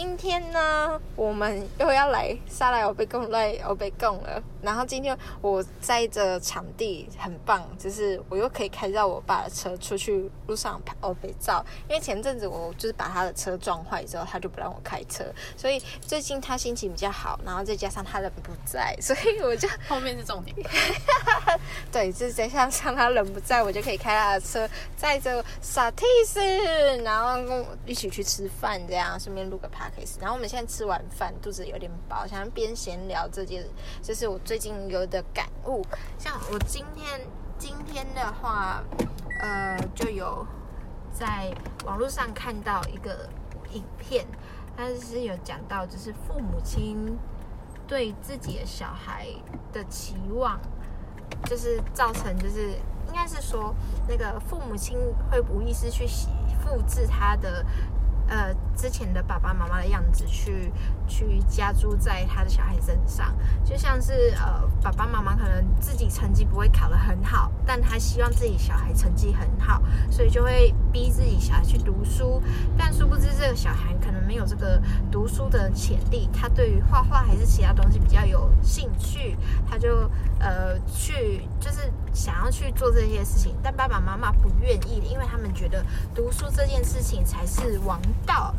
今天呢，我們又要來沙拉，歐北共來歐北共了。然後今天我載着場地很棒，就是我又可以開到我爸的車出去路上拍歐北照。因為前陣子我就是把他的車撞壞之後，他就不讓我開車，所以最近他心情比較好。然後再加上他人不在，所以我就後面是重點。 對，就是再加上他人不在，我就可以開他的車載着薩蒂斯，然後跟我一起去吃飯，這樣順便錄個拍。然後我們現在吃完飯，肚子有點飽，想邊閒聊這件，就是我最近有的感悟。像我今天今天的話，呃，就有在網絡上看到一個影片，它是有講到，就是父母親對自己的小孩的期望，就是造成，就是應該是說，那個父母親會無意識去複製他的。呃，之前的爸爸媽媽的樣子去。去加注在他的小孩身上，就像是呃，爸爸媽媽可能自己成績不會考得很好，但他希望自己小孩成績很好，所以就會逼自己小孩去讀書。但殊不知，這個小孩可能沒有這個讀書的潛力，他對於畫畫還是其他東西比較有興趣，他就呃去就是想要去做這些事情，但爸爸媽媽不願意，因為他們覺得讀書這件事情才是王道。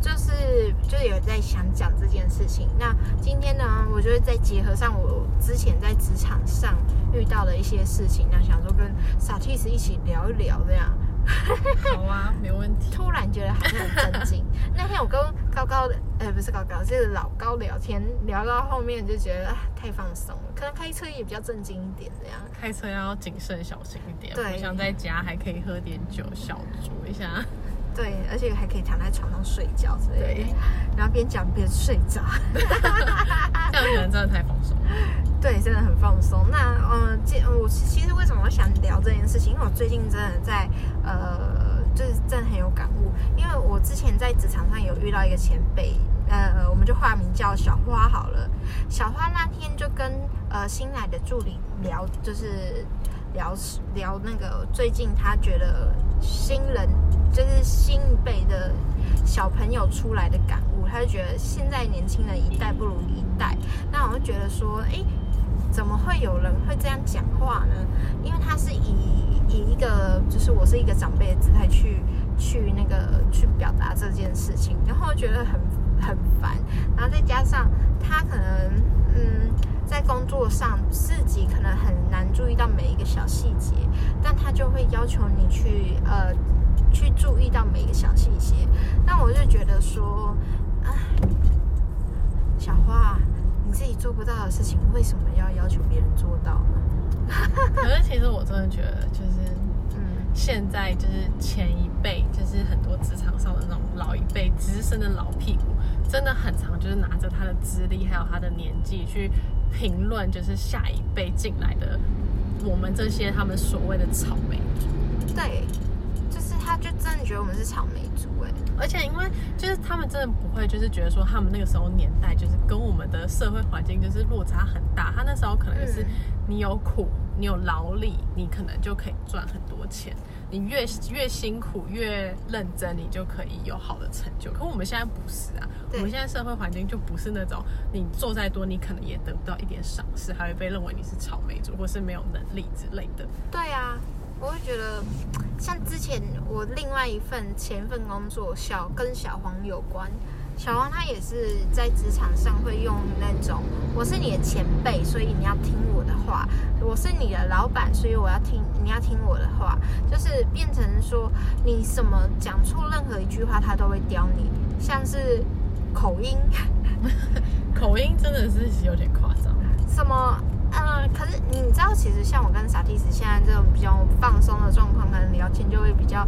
就是，就有在想講這件事情。那今天呢，我就得在結合上我之前在職場上遇到的一些事情，那想說跟 Satis 一起聊一聊這樣。好啊，沒問題。突然覺得還是很正經 那天我跟高高，呃不是高高，是老高聊天，聊到後面就覺得太放鬆了，可能開車也比較正經一點這樣。開車要謹慎小心一點。對。想在家還可以喝點酒，小酌一下。 對，而且還可以躺在床上睡覺之類的。然後邊講邊睡着， 這樣的人真的太放鬆。對，真的很放鬆。那嗯，這、呃、我其實為什麼想聊這件事情？因為我最近真的在呃，就是真的很有感悟。因為我之前在職場上有遇到一個前輩，呃，我們就化名叫小花好了。小花那天就跟呃新來的助理聊，就是。聊聊那個最近他覺得新人就是新一輩的小朋友出來的感悟，他就覺得現在年輕人一代不如一代。那我就覺得說，誒，怎麼會有人會這樣講話呢？因為他是以以一個就是我是一個長輩的姿態去去那個去表達這件事情，然後覺得很很煩，然後再加上他可能嗯。在工作上，自己可能很難注意到每一個小細節，但他就會要求你去呃去注意到每一個小細節。那我就覺得說，哎，小花，你自己做不到的事情，為什麼要要求別人做到呢？ 可是其實我真的覺得，就是嗯，現在就是前一輩，就是很多職場上的那種老一輩資深的老屁股，真的很常就是拿着他的資歷還有他的年紀去。評論就是下一輩進來的，我們這些他們所謂的草莓，對，就是他，就真的覺得我們是草莓族誒。而且因為就是他們真的不會，就是覺得說他們那個時候年代就是跟我們的社會環境就是落差很大，他那時候可能就是你有苦。你有勞力，你可能就可以賺很多錢。你越越辛苦，越認真，你就可以有好的成就。可我們現在不是啊，我們現在社會環境就不是那種你做再多，你可能也得不到一點賞識，還會被認為你是草莓族或是沒有能力之類的。對啊，我會覺得，像之前我另外一份前一份工作，小跟小黃有關。小王他也是在職場上會用那種，我是你的前輩，所以你要聽我的話；我是你的老闆，所以我要聽，你要聽我的話，就是變成說你什麼講出任何一句話，他都會刁你，像是口音，口音真的是有點誇張。什麼？呃、嗯，可是你知道，其實像我跟傻 T 子現在這種比較放鬆的狀況，可能聊天就會比較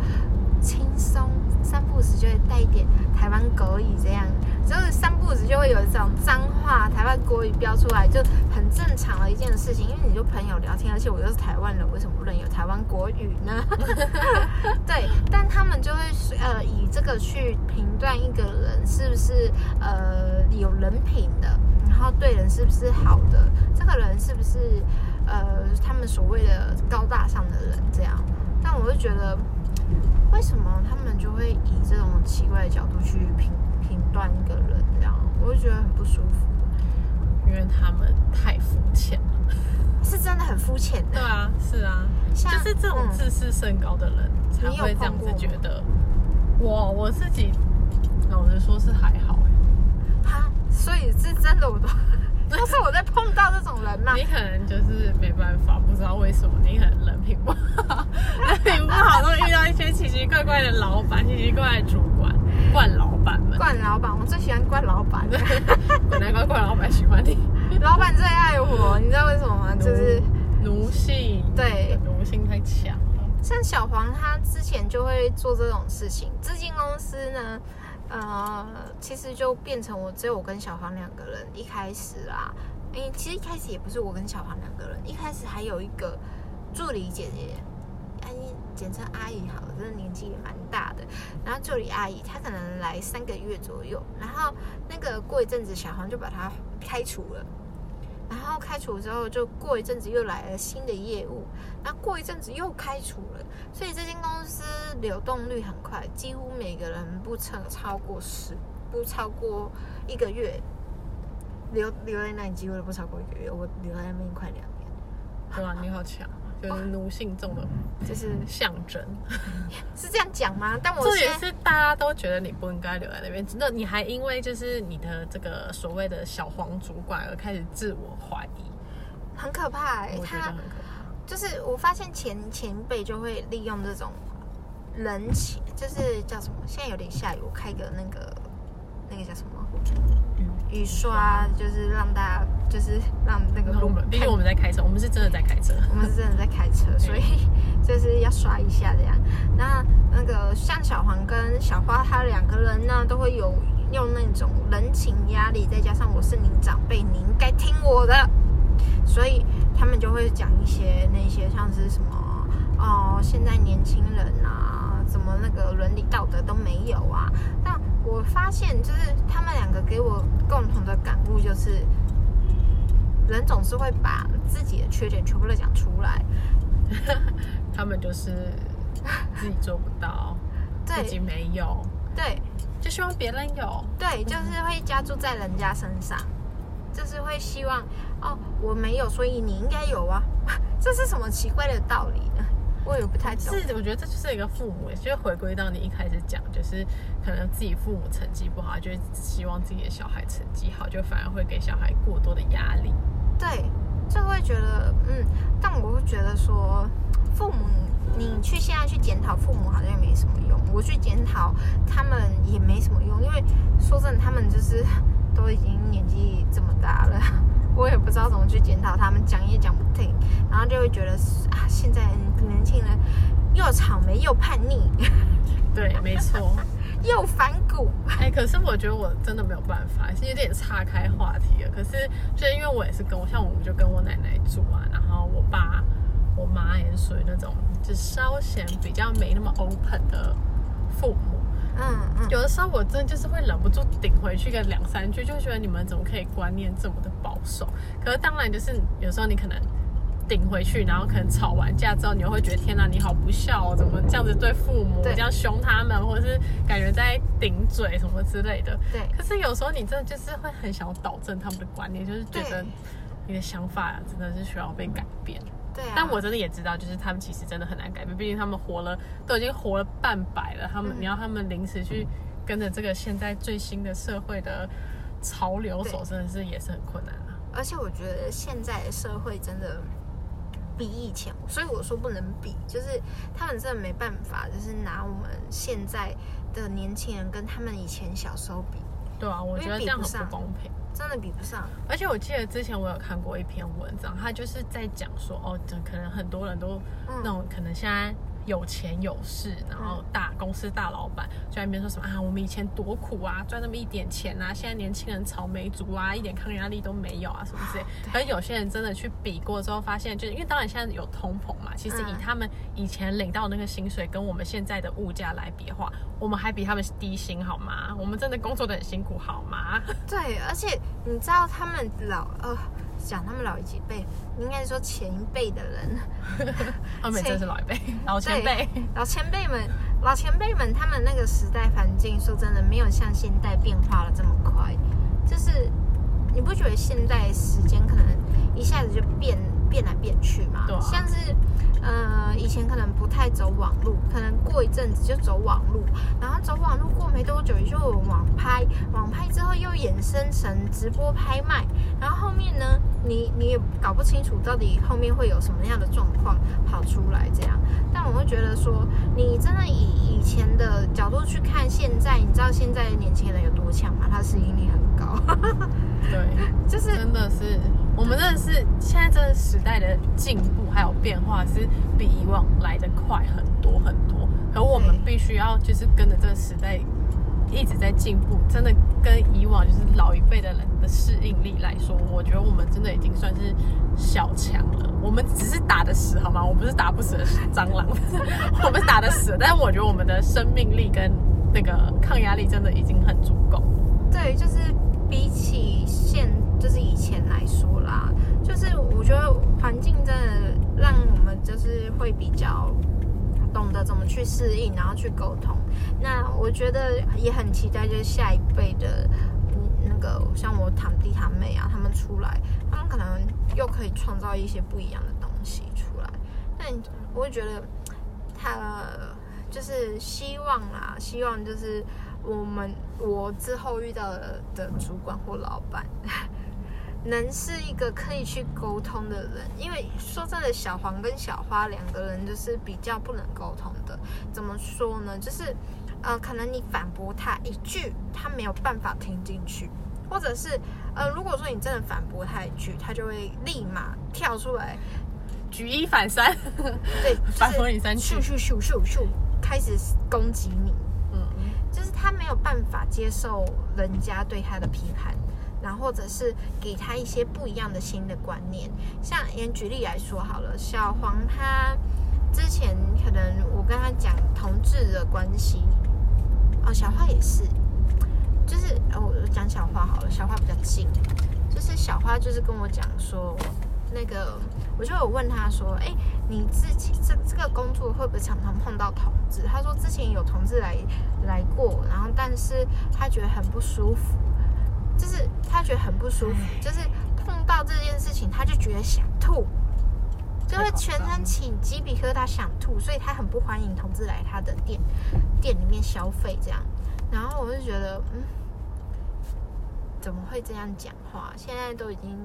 輕鬆。三不五時就會帶一點台灣國語，這樣就是三不五時就會有這種髒話，台灣國語飆出來就很正常的一件事情。因為你就朋友聊天，而且我又是台灣人，為什麼不能有台灣國語呢？ 對，但他們就會呃以這個去評斷一個人是不是呃有人品的，然後對人是不是好的，這個人是不是呃他們所謂的高大上的人這樣。但我會覺得。為什麼他們就會以這種奇怪的角度去評評斷一個人？這樣，我就覺得很不舒服，因為他們太膚淺了，是真的很膚淺的。對啊，是啊，像就是這種自視甚高的人才會這樣子覺得。嗯、我我，我自己老實說是還好哎，他所以是真的我都。都是我在碰到這種人嘛，你可能就是沒辦法，不知道為什麼，你可能人品不好， 人品不好都遇到一些奇奇怪怪的老闆、 奇奇怪怪的主管、慣老闆們、慣老闆。我最喜歡怪老闆的，本 來怪老闆喜歡你，老闆最愛我，你知道為什麼嗎？就是奴性，對，奴性太強了。像小黃他之前就會做這種事情，資金公司呢。呃，其實就變成我只有我跟小黃兩個人，一開始啦，因為其實一開始也不是我跟小黃兩個人，一開始還有一個助理姐姐，阿、哎、姨，簡稱阿姨好，真的年紀也蠻大的。然後助理阿姨她可能來三個月左右，然後那個過一陣子小黃就把她開除了。開除之後，就過一陣子又來了新的業務，那過一陣子又開除了，所以這間公司流動率很快，幾乎每個人不超超過十，不超過一個月留留在那裡，幾乎都不超過一個月。我留在那邊快兩年，對吧啊，你好強。就是奴性中的、哦、就是象徵、嗯，是這樣講嗎？但我這也是大家都覺得你不應該留在那邊。那你還因為就是你的這個所謂的小黃主管而開始自我懷疑，很可怕、欸。我覺得很可怕。他就是我發現前前輩就會利用這種人情，就是叫什麼？現在有點下雨，我開個那個。那個叫什麼？嗯、雨刷就、嗯，就是讓大家就是讓那個。畢竟我們在開車，我們是真的在開車，我們是真的在開車， 所以就是要刷一下這樣。那那個像小黃跟小花，他兩個人呢，都會有用那種人情壓力，再加上我是您長輩，您該聽我的，所以他們就會講一些那些像是什麼哦，現在年輕人啊。什麼那個倫理道德都沒有啊！但我發現，就是他們兩個給我共同的感悟，就是人總是會把自己的缺點全部都講出來。他們就是自己做不到， 自己沒有，對，就希望別人有，對，就是會加注在人家身上， 就是會希望哦，我沒有，所以你應該有啊，這是什麼奇怪的道理呢？我也不太懂是，我覺得這就是一個父母，就是回歸到你一開始講，就是可能自己父母成績不好，就希望自己的小孩成績好，就反而會給小孩過多的壓力。對，就會覺得嗯，但我會覺得說，父母你去現在去檢討父母好像也沒什麼用，我去檢討他們也沒什麼用，因為說真的，他們就是都已經年紀這麼大了。我也不知道怎麼去檢討他們，講也講不聽，然後就會覺得啊，現在年輕人又草莓又叛逆，對，沒錯， 又反骨。哎、欸，可是我覺得我真的沒有辦法，是有點岔開話題了。可是就是因為我也是跟我像我們就跟我奶奶住啊，然後我爸我媽也是屬於那種就稍顯比較沒那麼 open 的父母。嗯，有的時候我真的就是會忍不住頂回去一個兩三句，就覺得你們怎麼可以觀念這麼的保守？可是當然就是有時候你可能頂回去，然後可能吵完架之後，你又會覺得天哪啊，你好不孝哦，怎麼這樣子對父母，對，這樣凶他們，或者是感覺在頂嘴什麼之類的。對，可是有時候你真的就是會很想導正他們的觀念，就是覺得你的想法啊，真的是需要被改變。對啊，但我真的也知道，就是他們其實真的很難改變，畢竟他們活了都已經活了半百了，他們、嗯、你要他們臨時去跟着這個現在最新的社會的潮流走，真的是也是很困難啊。而且我覺得現在社會真的比以前，所以我說不能比，就是他們真的沒辦法，就是拿我們現在的年輕人跟他們以前小時候比。對啊，我覺得這樣很不，不公平。真的比不上，而且我記得之前我有看過一篇文章，他就是在講說，哦，可能很多人都那種，嗯、可能現在。有錢有勢，然後大公司大老闆、嗯、就在那邊說什麼啊？我們以前多苦啊，賺那麼一點錢啊，現在年輕人草莓族啊，一點抗壓力都沒有啊，什麼之類，而有些人真的去比過之後，發現就是，因為當然現在有通膨嘛，其實以他們以前領到的那個薪水，跟我們現在的物價來比的話、嗯，我們還比他們低薪好嗎？我們真的工作得很辛苦好嗎？對，而且你知道他們老啊。呃講他們老一輩，應該說前一輩的人， 他們真是老一輩、老前輩、老前輩們、老前輩們，他們那個時代環境，說真的，沒有像現代變化了這麼快。就是你不覺得現代時間可能一下子就變變來變去嗎？啊、像是。呃，以前可能不太走網路，可能過一陣子就走網路，然後走網路過沒多久就網拍，網拍之後又衍生成直播拍賣，然後後面呢，你你也搞不清楚到底後面會有什麼樣的狀況跑出來這樣。但我會覺得說，你真的以以前的角度去看現在，你知道現在年輕人有多強嗎？他適應力很高， 對，就是真的是我們認識、嗯、現在這個時代的進步還有變化是。比以往來得快很多很多，可我們必須要就是跟着這個時代一直在進步。真的跟以往就是老一輩的人的適應力來說，我覺得我們真的已經算是小強了。我們只是打得死好嗎？我不是打不死的蟑螂， 我們打得死。但是我覺得我們的生命力跟那個抗壓力真的已經很足夠。對，就是比起現就是以前來說啦。就是我覺得環境真的讓我們就是會比較懂得怎麼去適應，然後去溝通。那我覺得也很期待，就是下一輩的，那個像我堂弟堂妹啊，他們出來，他們可能又可以創造一些不一樣的東西出來。但我覺得他就是希望啦、啊，希望就是我們我之後遇到的主管或老闆。能是一個可以去溝通的人，因為說真的，小黃跟小花兩個人就是比較不能溝通的。怎麼說呢？就是，呃，可能你反駁他一句，他沒有辦法聽進去；或者是，呃，如果說你真的反駁他一句，他就會立馬跳出來舉一反三，對，就是、反駁你三句，咻咻咻咻咻，開始攻擊你。嗯，就是他沒有辦法接受人家對他的批判。嗯嗯然後或者是給他一些不一樣的新的觀念，像先舉例來說好了，小黃他之前可能我跟他講同志的關係，哦，小花也是，就是、哦、我講小花好了，小花比較近，就是小花就是跟我講說，那個我就有問他說，哎，你自己這這個工作會不會常常碰到同志？他說之前有同志來來過，然後但是他覺得很不舒服，就是。他覺得很不舒服，就是碰到這件事情，他就覺得想吐，就會全身起雞皮疙瘩想吐，所以他很不歡迎同志來他的店店裡面消費這樣。然後我就覺得，嗯，怎麼會這樣講話？現在都已經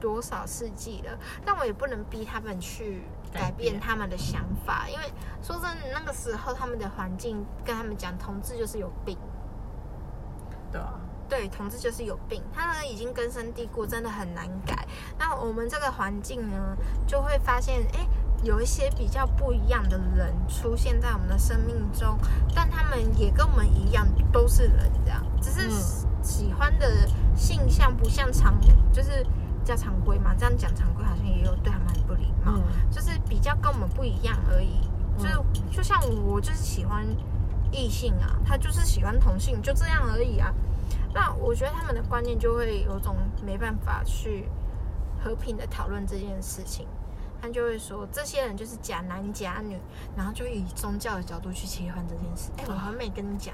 多少世紀了，但我也不能逼他們去改變他們的想法，因為說真的，那個時候他們的環境，跟他們講同志就是有病，對啊。對，同志就是有病，他呢已經根深蒂固，真的很難改。那我們這個環境呢，就會發現，哎，有一些比較不一樣的人出現在我們的生命中，但他們也跟我們一樣，都是人，這樣，只是喜歡的性向不像常，就是叫常規嘛。這樣講常規好像也有對他們很不禮貌、嗯，就是比較跟我們不一樣而已。就、嗯、就像我就是喜歡異性啊，他就是喜歡同性，就這樣而已啊。那我覺得他們的觀念就會有種沒辦法去和平的討論這件事情，他就會說這些人就是假男假女，然後就以宗教的角度去切換這件事。欸，我還沒跟你講。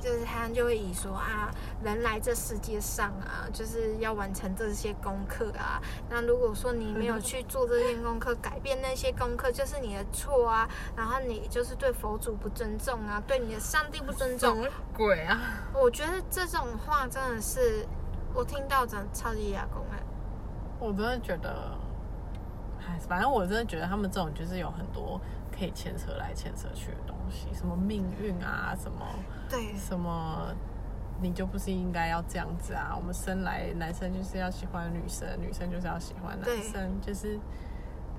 就是他就會以說啊，人來這世界上啊，就是要完成這些功課啊。那如果說你沒有去做這些功課，改變那些功課，就是你的錯啊。然後你就是對佛祖不尊重啊，對你的上帝不尊重。什麼鬼啊！我覺得這種話真的是，我聽到真的超級牙啊，我真的覺得。反正我真的覺得他們這種就是有很多可以牽扯來牽扯去的東西，什麼命運啊，什麼對，什麼你就不是應該要這樣子啊？我們生來男生就是要喜歡女生，女生就是要喜歡男生，就是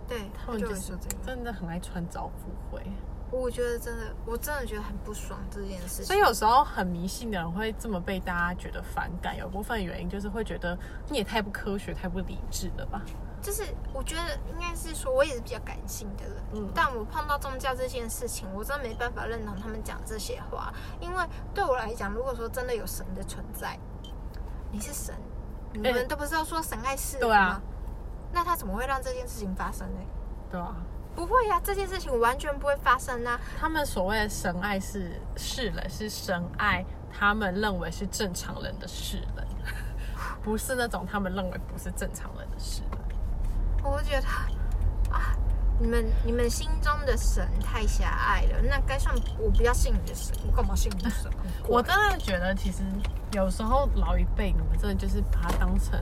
對，他們就是真的很愛穿鑿附會。我覺得真的，我真的覺得很不爽這件事情。所以有時候很迷信的人會這麼被大家覺得反感，有部分原因就是會覺得你也太不科學、太不理智了吧。就是我覺得應該是說，我也是比較感性的人，嗯，但我碰到宗教這件事情，我真的沒辦法認同他們講這些話。因為對我來講，如果說真的有神的存在，你是神，你們都不知道說神愛世人嗎？欸對啊？那他怎麼會讓這件事情發生呢？對啊，不會呀，啊，這件事情完全不會發生啊。他們所謂的神愛是世人，是神愛他們認為是正常人的世人，不是那種他們認為不是正常人的世人。我覺得啊，你們你們心中的神太狹隘了。那該算我不要信你的神，我幹嘛信你的神啊？我真的覺得，其實有時候老一輩，你們真的就是把它當成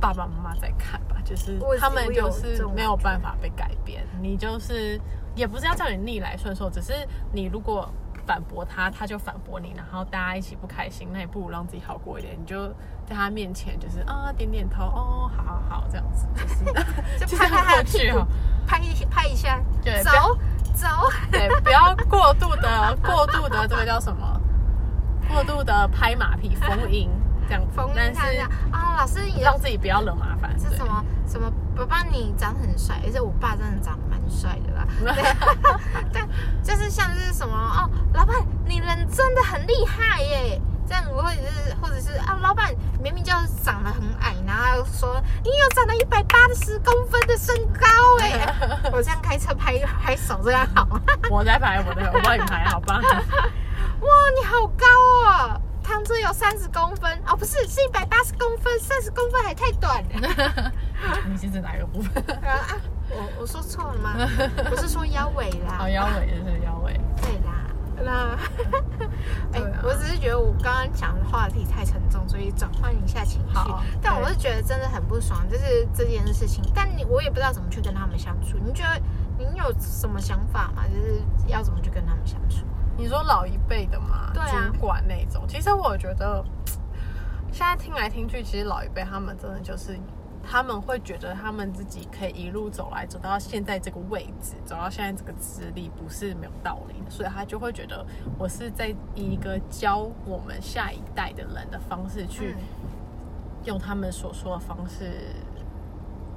爸爸媽媽在看吧，就是他們就是沒有辦法被改變。你就是也不是要叫你逆來順受，只是你如果。反駁他，他就反駁你，然後大家一起不開心，那也不如讓自己好過一點。你就在他面前就是啊、哦，點點頭哦，好好好，這樣子，就是、 就拍就這過去哦，拍拍一下，對，走走，對，不要過度的 過度的這個叫什麼？過度的拍馬屁，逢迎這樣逢迎 但是啊、哦，老師也，讓自己不要惹麻煩。是什麼什麼？爸爸你長得很帥，而且我爸真的長得蠻帥的啦。 你人真的很厲害耶！這樣我會、就是，或者是，或者是啊，老闆明明就長得很矮，然後又說你有長到一百八十公分的身高哎、 欸！我這樣開車拍拍手，這樣好嗎？我在拍，我在我幫你拍，好吧？ 哇，你好高哦！躺著有三十公分哦，不是，是一百八十公分，三十公分還太短 你是指哪一個部分？啊、我我說錯了嗎？不是說腰圍啦？好、 哦，腰圍就是腰圍。對。那、 哎，哎、啊，我只是覺得我剛剛講的話題太沉重，所以轉換一下情緒。好，但我是覺得真的很不爽，就是這件事情。但你我也不知道怎麼去跟他們相處。你覺得你有什麼想法嗎？就是要怎麼去跟他們相處？你說老一輩的嘛，主、啊、管那種。其實我覺得現在聽來聽去，其實老一輩他們真的就是。他們會覺得他們自己可以一路走來走到現在這個位置，走到現在這個資歷不是沒有道理的，所以他就會覺得我是在以一個教我們下一代的人的方式去用他們所說的方式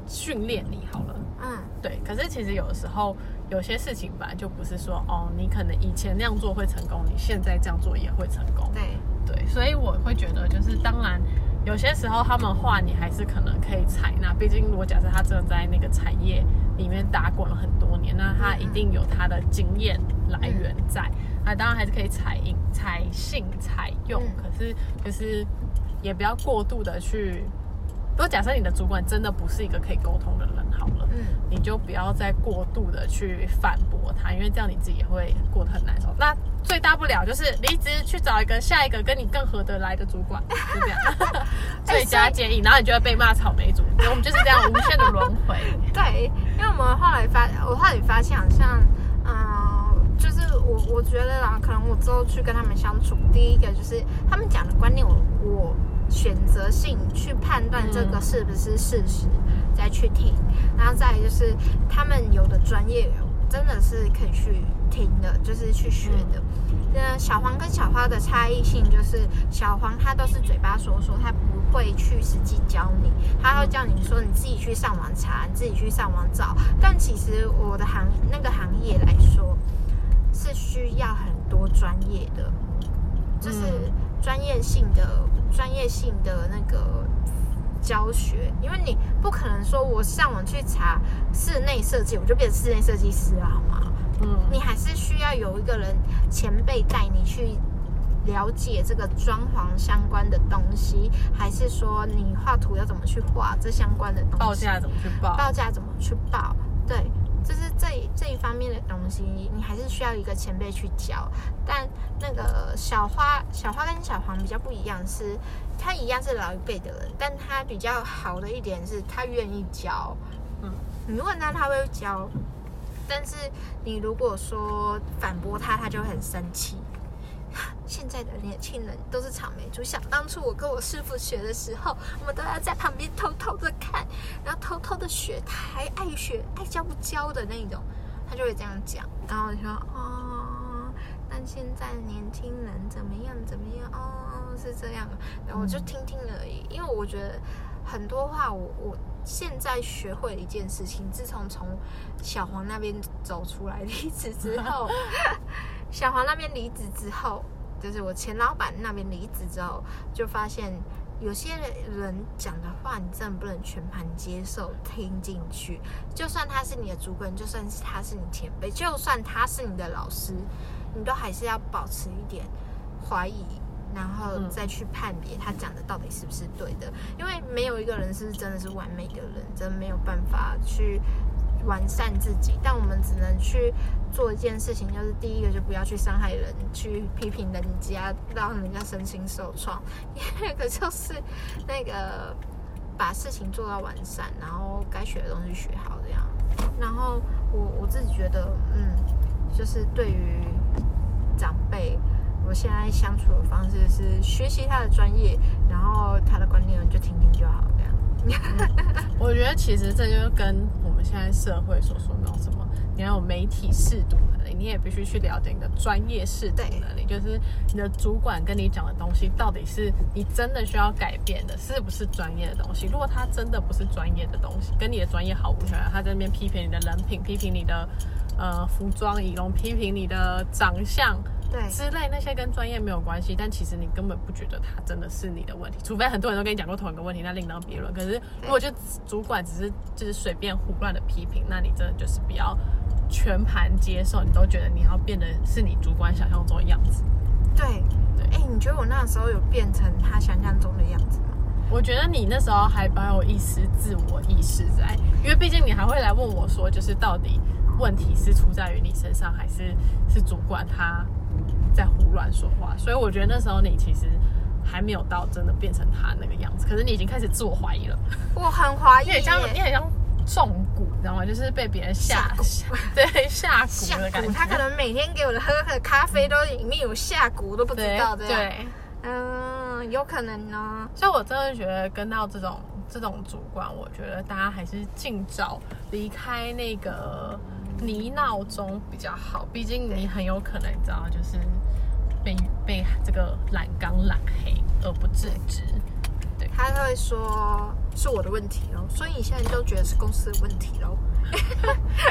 訓練你好了。嗯，對。可是其實有的時候有些事情本來就不是說哦，你可能以前那樣做會成功，你現在這樣做也會成功。對對，所以我會覺得就是當然。有些時候，他們話你還是可能可以採納，畢竟我假設他真的在那個產業裡面打滾了很多年，那他一定有他的經驗來源在，那當然還是可以採引、採信、採用，可是就是也不要過度的去。如果假設你的主管真的不是一個可以溝通的人，好了，嗯，你就不要再過度的去反駁他，因為這樣你自己也會過得很難受。那最大不了就是離職去找一個下一個跟你更合得來的主管，就這樣。 欸、最佳建議，然後你就會被罵草莓族，我們就是這樣無限的輪回。對，因為我們後來發，我後來發現好像，嗯、呃，就是我我覺得啦、啊，可能我之後去跟他們相處，第一個就是他們講的觀念我，我我。選擇性去判斷這個是不是事實、嗯，再去聽。然後再就是，他們有的專業真的是可以去聽的，就是去學的、嗯。那小黃跟小花的差異性就是，小黃他都是嘴巴說說，他不會去實際教你，他會叫你說你自己去上網查，你自己去上網找。但其實我的行那個行業來說，是需要很多專業的，嗯、就是專業性的。專業性的那個教學，因為你不可能說，我上網去查室內設計，我就變成室內設計師了好嗎？嗯，你還是需要有一個人前輩帶你去了解這個裝潢相關的東西，還是說你畫圖要怎麼去畫這相關的東西？報價怎麼去報？報價怎麼去報？對。就是這這一方面的東西，你還是需要一個前輩去教。但那個小花，小花跟小黃比較不一樣是，是他一樣是老一輩的人，但他比較好的一點是他願意教。嗯，你問他，他會教，但是你如果說反駁他，他就很生氣。現在的年輕人都是草莓族。就想當初我跟我師傅學的時候，我們都要在旁邊偷偷的看，然後偷偷的學，他還愛學愛教不教的那種，他就會這樣講。然後我就說哦，但現在年輕人怎麼樣怎麼樣哦，是這樣。然後我就聽聽而已，因為我覺得很多話我，我我現在學會了一件事情，自從從小黃那邊走出來離職之後。 小黃那邊離職之後，就是我前老闆那邊離職之後，就發現有些人講的話，你真的不能全盤接受聽進去。就算他是你的主管，就算他是你前輩，就算他是你的老師，你都還是要保持一點懷疑，然後再去判別他講的到底是不是對的。嗯，因為沒有一個人是，是真的是完美的人，真的沒有辦法去完善自己，但我們只能去。做一件事情，就是第一個就不要去傷害人，去批評人家，讓人家身心受創；第二個就是那個把事情做到完善，然後該學的東西學好，這樣。然後我我自己覺得，嗯，就是對於長輩，我現在相處的方式是學習他的專業，然後他的觀念就聽聽就好，這樣。 我覺得其實這就跟我們現在社會所說的什麼。沒有媒體識讀能力，你也必須去了解你的專業識讀能力。就是你的主管跟你講的東西，到底是你真的需要改變的，是不是專業的東西？如果他真的不是專業的東西，跟你的專業毫無相關，他在那邊批評你的人品，批評你的呃服裝儀容，批評你的長相，對，之類那些跟專業沒有關係，但其實你根本不覺得他真的是你的問題。除非很多人都跟你講過同一個問題，那另當別論。可是如果就主管只是就是隨便胡亂的批評，那你真的就是比較。全盤接受，你都覺得你要變得是你主觀想象中的樣子。對，對，哎、欸，你覺得我那時候有變成他想象中的樣子嗎？我覺得你那時候還蠻有一絲自我意識在，因為畢竟你還會來問我說，就是到底問題是出在於你身上，還是是主管他在胡亂說話？所以我覺得那時候你其實還沒有到真的變成他那個樣子，可是你已經開始自我懷疑了。我很懷疑。 你像，你像。中蠱，你知道嗎？就是被別人下蠱，對，下蠱的感覺。他可能每天給我的喝的咖啡都裡面有下蠱、嗯，都不知道這樣。對，嗯，有可能呢。所以我真的覺得跟到這種這種主管，我覺得大家還是盡早離開那個泥淖中比較好。畢竟你很有可能，你知道，就是被被這個染缸染黑而不自知。他會說是我的問題哦，所以你現在就覺得是公司的問題嘍？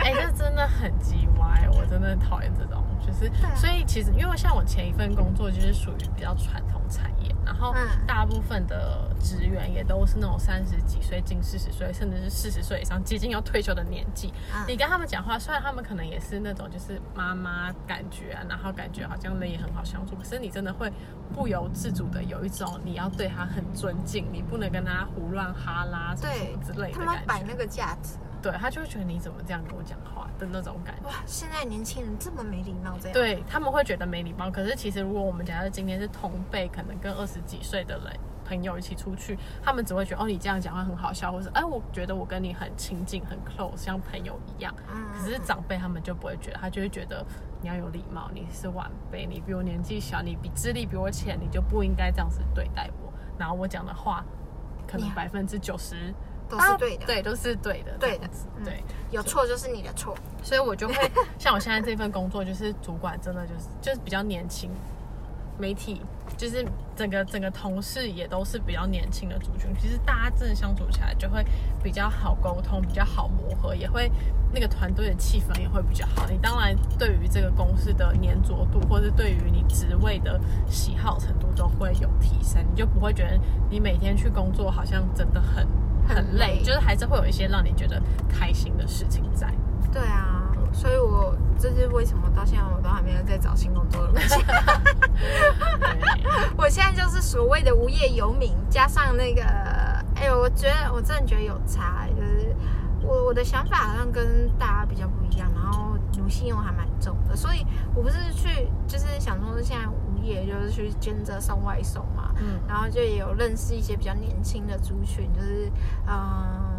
哎、 欸，這真的很雞歪，我真的討厭這種，就是、嗯、所以其實因為像我前一份工作就是屬於比較傳統產業。然後大部分的職員也都是那種三十幾歲，近四十歲，甚至是四十歲以上，接近要退休的年紀。嗯。你跟他們講話，雖然他們可能也是那種就是媽媽感覺、啊，然後感覺好像人也很好相處，可是你真的會不由自主的有一種你要對他很尊敬，你不能跟他胡亂哈拉對，什麼什麼之類的感覺。他們擺那個架子。對，他就會覺得你怎麼這樣跟我講話的那種感覺。哇，現在年輕人這麼沒禮貌，這樣？對，他們會覺得沒禮貌。可是其實如果我們講的今天是同輩，可能跟二十幾歲的人朋友一起出去，他們只會覺得哦，你這樣講話很好笑，或是哎、呃、我覺得我跟你很親近，很 close，像朋友一樣，嗯。可是長輩他們就不會覺得，他就會覺得你要有禮貌，你是晚輩，你比我年紀小，你比資歷比我淺，嗯，你就不應該這樣子對待我。然後我講的話，可能百分之九十。Yeah. 都是對的、oh,，對，都是對的,對的，對的，對、嗯，有錯就是你的錯，所以我就會 像我現在這份工作，就是主管，真的就是就是比較年輕，媒體就是整個整個同事也都是比較年輕的族群，其實大家真的相處起來就會比較好溝通，比較好磨合，也會那個團隊的氣氛也會比較好。你當然對於這個公司的黏着度，或者對於你職位的喜好程度都會有提升，你就不會覺得你每天去工作好像真的很。很累，很累，就是還是會有一些讓你覺得開心的事情在。對啊，嗯、所以我這是為什麼到現在我都還沒有在找新工作的原因。 對 我現在就是所謂的無業遊民，加上那個，哎、欸、呦，我覺得我真的覺得有差。就是我我的想法好像跟大家比較不一樣，然後奴性又還蠻重的，所以我不是去，就是想說是現在。也就是去兼着上外送嘛、嗯，然後就也有認識一些比較年輕的族群，就是嗯、呃，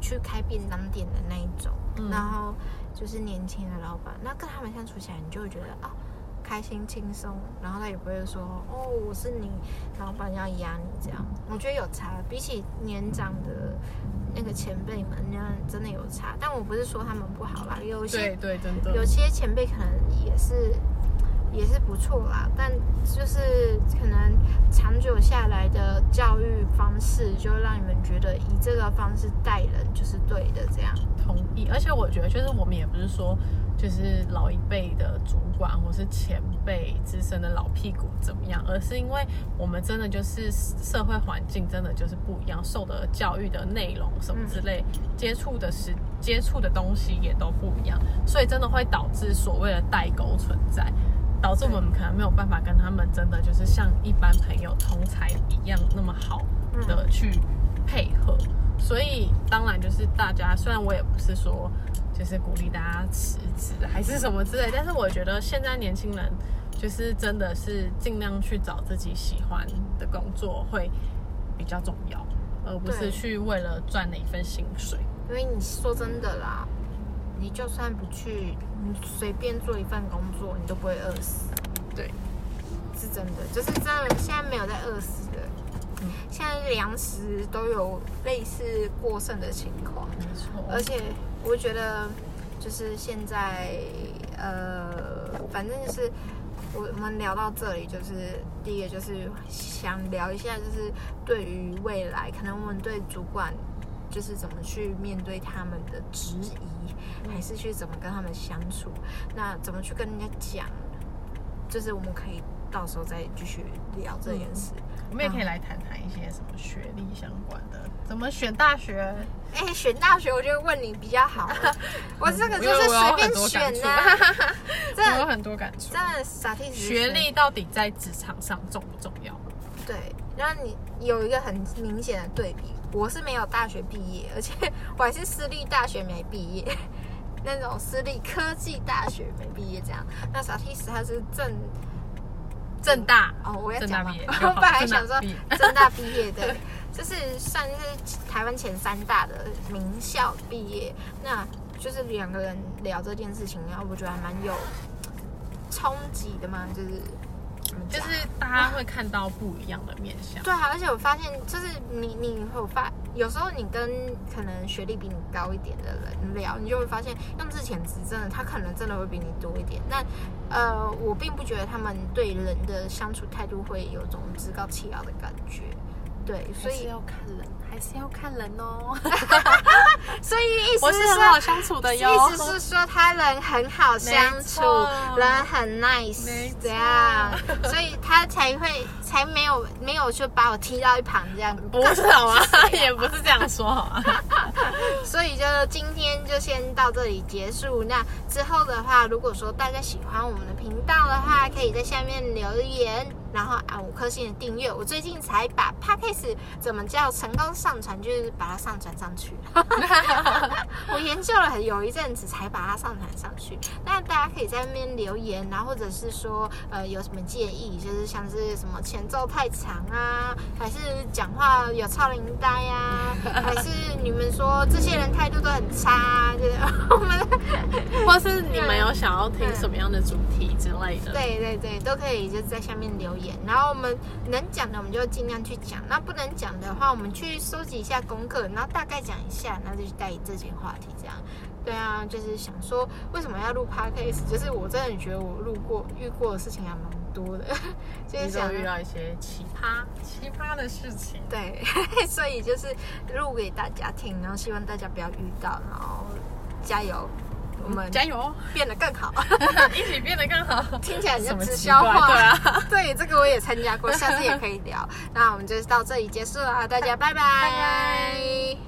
去開便當店的那一種、嗯，然後就是年輕的老闆，那跟他們相處起來，你就會覺得啊、哦，開心輕鬆，然後他也不會說哦，我是你老闆要壓你這樣。我覺得有差，比起年長的那個前輩們，那真的有差，但我不是說他們不好啦，有些對對有些前輩可能也是。也是不錯啦，但就是可能長久下來的教育方式，就讓你們覺得以這個方式待人就是對的。這樣，同意。而且我覺得，就是我們也不是說就是老一輩的主管或是前輩、資深的老屁股怎麼樣，而是因為我們真的就是社會環境真的就是不一樣，受的教育的內容什麼之類，嗯、接觸的是接觸的東西也都不一樣，所以真的會導致所謂的代溝存在。導致我們可能沒有辦法跟他們真的就是像一般朋友同才一樣那麼好的去配合，所以當然就是大家，雖然我也不是說就是鼓勵大家辭職還是什麼之類，但是我覺得現在年輕人就是真的是儘量去找自己喜歡的工作會比較重要，而不是去為了賺那一份薪水。因為你說真的啦。嗯你就算不去，你隨便做一份工作，你都不會餓死。對，是真的，就是真的。現在沒有在餓死的、嗯，現在糧食都有類似過剩的情況。沒錯。而且我覺得，就是現在，呃，反正就是我們聊到這裡，就是第一個就是想聊一下，就是對於未來，可能我們對主管就是怎麼去面對他們的質疑。還是去怎麼跟他們相處？那怎麼去跟人家講？就是我們可以到時候再繼續聊這件事。嗯、我們也可以來談談一些什麼學歷相關的。怎麼選大學？哎、嗯，選大學我就問你比較好、 嗯。我這個就是隨便有有有有、啊、選吶、啊，哈 我有很多感觸。真 的傻弟、就是。學歷到底在職場上重不重要？對，那你有一個很明顯的對比。我是沒有大學畢業，而且我還是私立大學沒畢業。那種私立科技大學沒畢業這樣，那薩提斯他是政政大，政大哦，我也講大畢業，我 本來想說政大畢業的，畢業，對 就是算是台灣前三大的名校畢業，那就是兩個人聊這件事情然後我覺得還蠻有衝擊的嘛，就是。就是大家會看到不一樣的面相，對啊，而且我發現，就是你，你會發，有時候你跟可能學歷比你高一點的人聊，你就會發現，用字遣詞，真的，他可能真的會比你多一點。那，呃，我並不覺得他們對人的相處態度會有種趾高氣傲的感覺，對，所以要看人。還是要看人哦， 所以意思是很好相處的喲。意思是說他人很好相處，人很 nice 這樣，所以他才會才沒有沒有說把我踢到一旁這樣。不是嗎？啊？也不是這樣說。好嗎 所以就今天就先到這裡結束。那之後的話，如果說大家喜歡我們的頻道的話，嗯，可以在下面留言。然後啊，五顆星的訂閱，我最近才把 podcast 怎麼叫成功上傳，就是把它上傳上去了 我研究了有一陣子才把它上傳上去。那大家可以在那邊留言，然後或者是說呃有什麼建議，就是像是什麼前奏太長啊，還是講話有超鈴呆呀、啊，還是你們說這些人態度都很差、啊，就是我們。或是你們、嗯、你們有想要聽什麼樣的主題之類的？嗯、對對對，都可以，就是在下面留言。然後我們能講的，我們就盡量去講；那不能講的話，我們去收集一下功課，然後大概講一下，那就去帶這些話題這樣。對啊，就是想說為什麼要錄 podcast，就是我真的覺得我路過遇過的事情也蠻多的，就是想遇到一些奇葩奇葩的事情。對，所以就是錄給大家聽，然後希望大家不要遇到，然後加油。嗯、我們加油，變得更好，哦、 一起變得更好。 聽起來就直銷話，對啊， 對，這個我也參加過，下次也可以聊。 那我們就到這裡結束了哈，大家拜拜。Bye bye